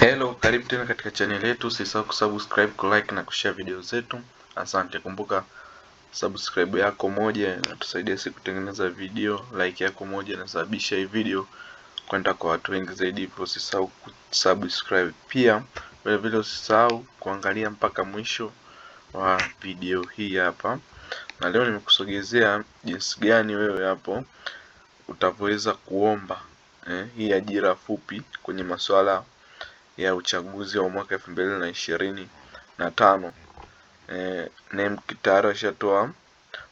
Hello, karibu tena katika channel yetu. Usisahau kusubscribe, kulike na kushare video zetu. Asante. Kumbuka subscribe yako moja inatusaidia sisi kutengeneza video, like yako moja inasababisha hii video kwenda kwa watu wengi zaidi, hivyo usisahau kusubscribe. Pia vile vile usisahau kuangalia mpaka mwisho wa video hii hapa, na leo nimekusogezea jinsi gani wewe hapo utavyoweza kuomba eh, hii ajira fupi kwenye masuala ya uchaguzi wa mwaka elfu mbili na ishirini na tano. E, tayari ashatoa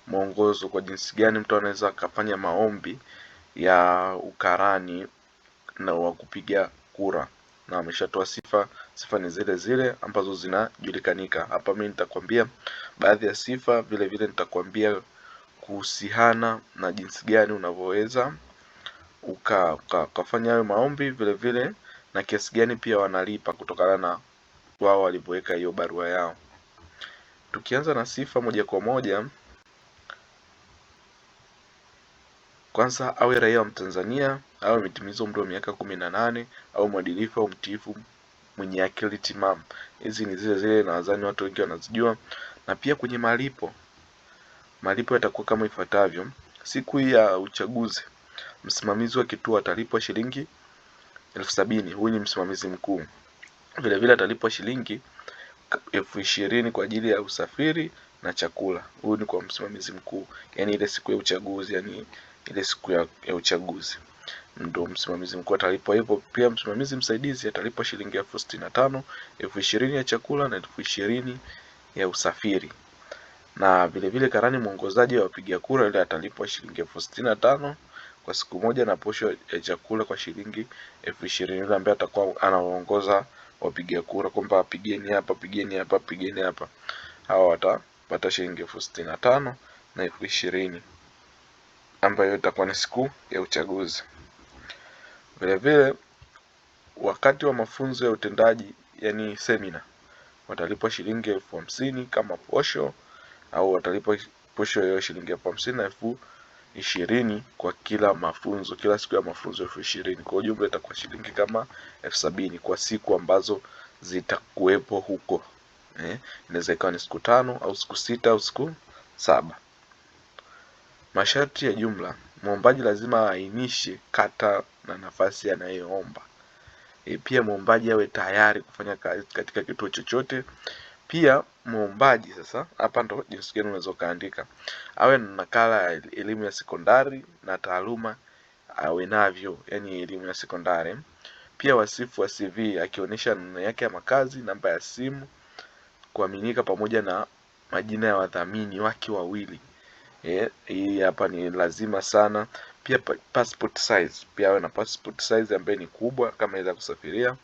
mwongozo kwa jinsi gani mtu anaweza akafanya maombi ya ukarani na wa kupiga kura na ameshatoa sifa. Sifa ni zile zile ambazo zinajulikanika hapa. Mimi nitakwambia baadhi ya sifa, vile vile nitakwambia kuhusiana na jinsi gani unavyoweza uka, uka, ukafanya hayo maombi vile vile na kiasi gani pia wanalipa kutokana na wao walivyoweka hiyo barua yao. Tukianza na sifa moja kwa moja, kwanza awe raia wa Mtanzania, awe ametimiza umri wa miaka kumi na nane, au mwadilifu au mtiifu, mwenye akili timamu. Hizi ni zile zile nadhani watu wengi wanazijua. Na pia kwenye malipo, malipo yatakuwa kama ifuatavyo: siku ya uchaguzi msimamizi wa kituo atalipwa shilingi elfu sabini huyu ni msimamizi mkuu. Vilevile atalipwa shilingi elfu ishirini kwa ajili ya usafiri na chakula. Huyu ni kwa msimamizi mkuu, yani ile siku ya uchaguzi, yani ile siku ya, ya uchaguzi ndo msimamizi mkuu atalipwa hivyo. Pia msimamizi msaidizi atalipwa shilingi elfu sitini na tano elfu ishirini ya chakula na elfu ishirini ya usafiri na vilevile karani mwongozaji wa wapiga kura yule atalipwa shilingi elfu sitini na tano kwa siku moja na posho ya chakula kwa shilingi elfu ishirini yule ambaye atakuwa anaongoza wapiga kura kwamba pigeni hapa, pigeni hapa, pigeni hapa. Hawa watapata shilingi elfu sitini na tano na elfu ishirini ambayo itakuwa ni siku ya uchaguzi. Vilevile wakati wa mafunzo ya utendaji, yani semina, watalipwa shilingi elfu hamsini kama posho au watalipwa posho hiyo shilingi elfu hamsini na elfu ishirini kwa kila mafunzo, kila siku ya mafunzo elfu ishirini kwa jumla itakuwa shilingi kama elfu sabini kwa siku ambazo zitakuwepo huko eh, inaweza ikawa ni siku tano au siku sita au siku saba. Masharti ya jumla: mwombaji lazima aainishe kata na nafasi anayoomba. E, pia mwombaji awe tayari kufanya kazi katika kituo chochote pia muombaji sasa, hapa ndo jinsi gani unaweza ukaandika, awe na nakala ya elimu ya sekondari na taaluma awe navyo, yani elimu ya sekondari. Pia wasifu wa CV akionyesha namna yake ya makazi, namba ya simu, kuaminika, pamoja na majina ya wadhamini wake wawili. Yeah, hii hapa ni lazima sana. Pia passport size, pia awe na passport size ambaye ni kubwa kama inaweza kusafiria.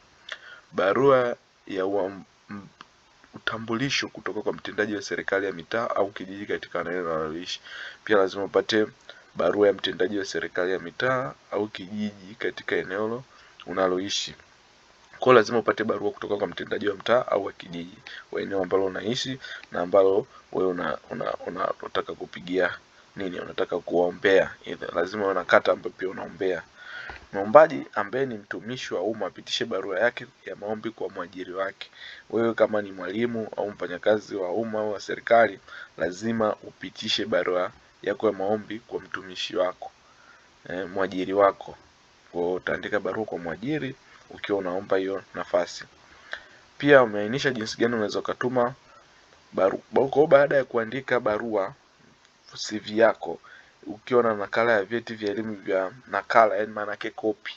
Barua ya uam, utambulisho kutoka kwa mtendaji wa serikali ya mitaa au kijiji katika eneo unaloishi Pia lazima upate barua ya mtendaji wa serikali ya mitaa au kijiji katika eneo unaloishi. Kwa lazima upate barua kutoka kwa mtendaji wa mtaa au wa kijiji wa eneo ambalo unaishi na ambalo wewe una, una, una, unataka kupigia nini, unataka kuombea. Lazima una kata ambayo pia unaombea. Mwombaji ambaye ni mtumishi wa umma apitishe barua yake ya maombi kwa mwajiri wake. Wewe kama ni mwalimu au mfanyakazi wa umma au wa serikali, lazima upitishe barua yako ya maombi kwa mtumishi wako e, mwajiri wako. Kwa utaandika barua kwa mwajiri ukiwa unaomba hiyo nafasi. Pia umeainisha jinsi gani unaweza ukatuma barua. Baada ya kuandika barua CV yako ukiwa na nakala ya vyeti vya elimu vya nakala, yani maana yake copy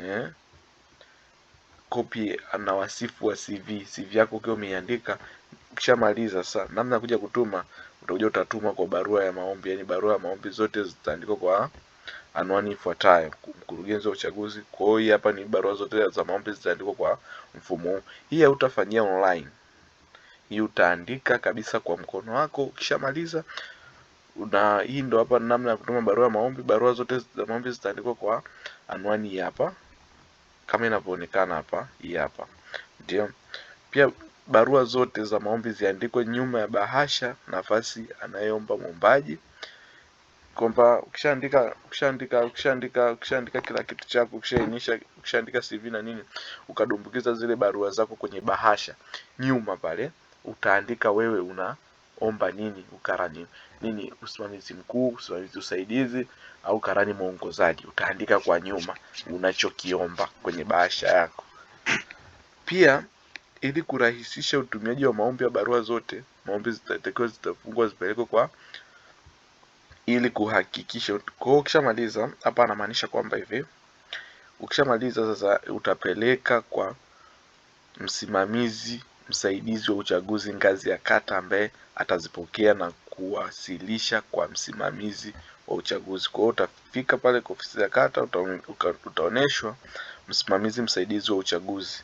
eh? copy na wasifu wa CV. CV yako ukiwa umeiandika, ukishamaliza sasa, namna kuja kutuma, utakuja utatuma kwa barua ya maombi, yani barua ya maombi zote zitaandikwa kwa anwani ifuatayo: mkurugenzi wa uchaguzi. Kwa hiyo hii hapa ni barua zote za maombi zitaandikwa kwa mfumo huu. Hii hautafanyia online, hii utaandika kabisa kwa mkono wako, ukishamaliza una hii ndo hapa namna ya kutuma barua maombi. Barua zote za maombi zitaandikwa kwa anwani hii hapa kama inavyoonekana hapa, hii hapa ndio. Pia barua zote za maombi ziandikwe nyuma ya bahasha nafasi anayeomba mwombaji, kwamba ukishaandika ukishaandika ukishaandika ukishaandika kila kitu chako, ukishaainisha ukishaandika CV na nini, ukadumbukiza zile barua zako kwenye bahasha nyuma pale, utaandika wewe una omba nini ukarani nini usimamizi mkuu, usimamizi usaidizi au karani mwongozaji. Utaandika kwa nyuma unachokiomba kwenye bahasha yako. Pia ili kurahisisha utumiaji wa maombi ya barua zote, maombi zitatakiwa zitafungwa zipelekwe kwa ili kuhakikisha. Kwa hiyo ukishamaliza hapa, anamaanisha kwamba hivi ukishamaliza sasa utapeleka kwa msimamizi msaidizi wa uchaguzi ngazi ya kata ambaye atazipokea na kuwasilisha kwa msimamizi wa uchaguzi. Kwa hiyo utafika pale kwa ofisi ya kata utaonyeshwa msimamizi msaidizi wa uchaguzi.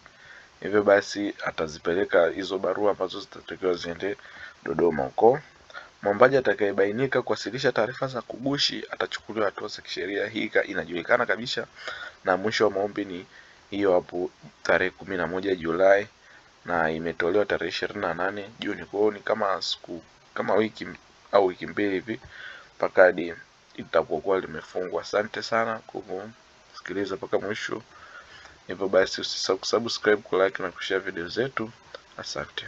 Hivyo basi atazipeleka hizo barua ambazo zitatakiwa ziende Dodoma huko. Mwombaji atakayebainika kuwasilisha taarifa za kugushi atachukuliwa hatua za kisheria. Hii inajulikana kabisa, na mwisho wa maombi ni hiyo hapo tarehe kumi na moja Julai na imetolewa tarehe ishirini na nane Juni. Kwa hiyo ni kama siku kama wiki au wiki mbili hivi mpaka hadi litapokuwa limefungwa. Asante sana kwa kusikiliza mpaka mwisho. Hivyo basi usisahau kusubscribe, kulike na kushare video zetu. Asante.